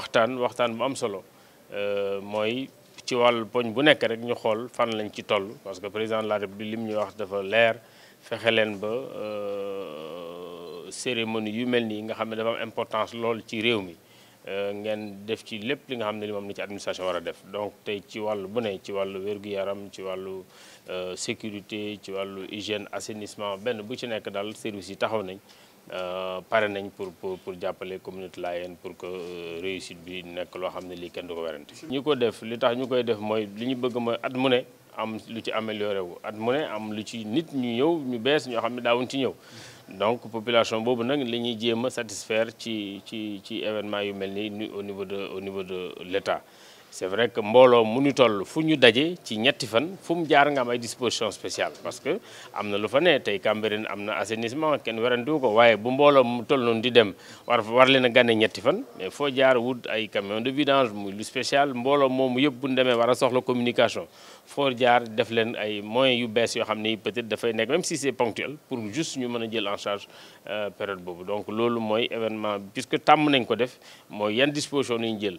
waxtaan waxtaan bu am solo euh, mooy ci wàllu poñ bu nekk rek ñu xool fan lañ ci toll parce que président de la li mu ñu wax dafa leer fexe leen ba euh, cérémonie yu mel nii nga xam ne dafa am importance lool ci réew mi euh, ngeen def ci lépp li nga xam ne li moom la ci administration war a def donc tey ci wàllu bu ne ci wàllu wér yaram ci wàllu sécurité ci wàllu hygiène assainissement benn bu ci nekk daal service yi taxaw nañ Euh, pare nañ pour pour pour jàppale communauté Layène pour que euh, réussite bi nekk loo xam ne lii kenn du ko werante ñi ko def li tax ñu koy def mooy li ñu bëgg mooy at mu ne am lu ci amélioré wu at mu ne am lu ci nit ñu ñëw ñu bees ñoo xam ne daawuñ ci ñëw donc population boobu nag li ñuy jéem a satisfaire ci ci ci événement yu mel nii au niveau de au niveau de l'État c'est vrai que Mbolo mu ñu toll fu ñu daje ci ñetti fan fu mu jaar nga am ay disposition spéciale parce que Amna na lu fa ne tey assainissement Ken werantu ko waaye bu non mu toll di dem war war leen a gane ñetti fan mais foo jaar wut ay camion de vidange muy lu spécial Mbolo moomu yëpp bu ñu demee war soxla communication foo jaar def leen ay moyens yu peut-être dafay nekk même si c'est ponctuel pour juste ñu mën jël en charge euh, période boobu donc lolo Moy, événement puisque Tam nañ ko def disposition nañ jël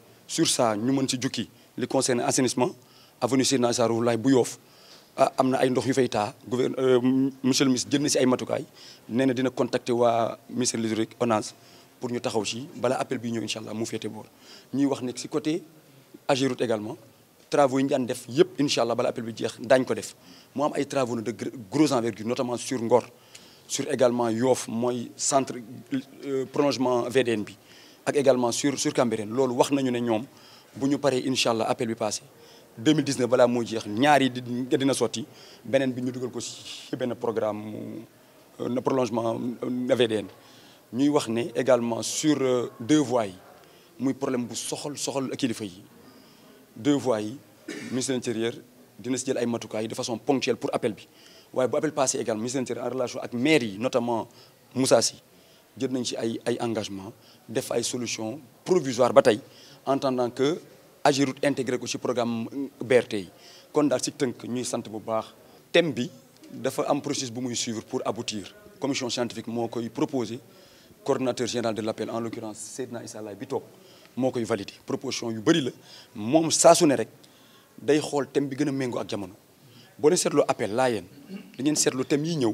sur ça ñu mën ci jukki li concerne assainissement avenue Seydina Issa lay Laye bu Yoff ah ay ndox yu fay euh, monsieur le ministre jël na ay matukay néna dina contacter wa ministère de l'hydraulique pour ñu taxaw ci bala appel bi ñeu inshallah mu fété boor ñi wax nek ci côté Ageroute également travaux yi ñu def yépp inshallah bala appel bi jeex dañ ko def mu am ay travaux de gros envergure notamment sur Ngor sur également Yoff moy centre euh, prolongement VDN bi ak également sur sur Cambérène loolu wax nañu ne ñoom bu ñu inshallah appel bi passé 2019 voilà mo dire ñaari dina sotti benen biñu duggal ko si benn programme euh, na prolongement euh, VDN ñuy wax ne également sur euh, deux voies muy problème bu soxol soxol kilifa yi deux voies yi ministre de l'intérieur dina si jël ay de façon ponctuelle pour appel bi waye bu appel passé également ministre de en relation avec maire yi notamment Moussa jël nañ ci ay ay engagement def ay solution provisoire ba entendant en attendant que Ageroute intégré au programme BRT quand kon daal ci tënk ñuy sant bu baax thème bi dafa am processus bu muy suivre pour aboutir commission scientifique moo koy proposé coordonnateur général de l'appel en l'occurrence Seydina Issa Laye bi toog moo proposition yu bëri la moom saa su ne rek day xool thème bi gën a ak jamono boo leen seetloo appel laa yéen da ngeen seetlu thème yi ñëw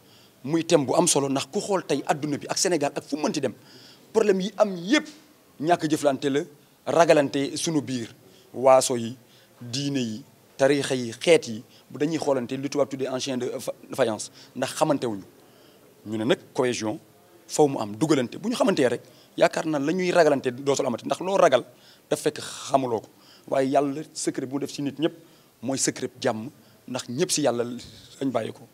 muy thème bu am solo ndax ku xol tay aduna bi ak Sénégal ak fu mu dem problème yi am yépp ñak jëflanté le ragalante suñu biir waaso yi diiné yi tariixa yi xéet yi bu dañuy xolanté lu tubaab tuddé en de faïence ndax xamanté wuñu ñu né nak cohésion faw mu am dugalante buñu xamanté rek yaakaar na lañuy ragalanté ragalante amati ndax lo ragal daf fekk xamuloko waye yalla secret bu mu def ci nit ñëpp moy secret jamm ndax ñëpp ci yalla lañ bayiko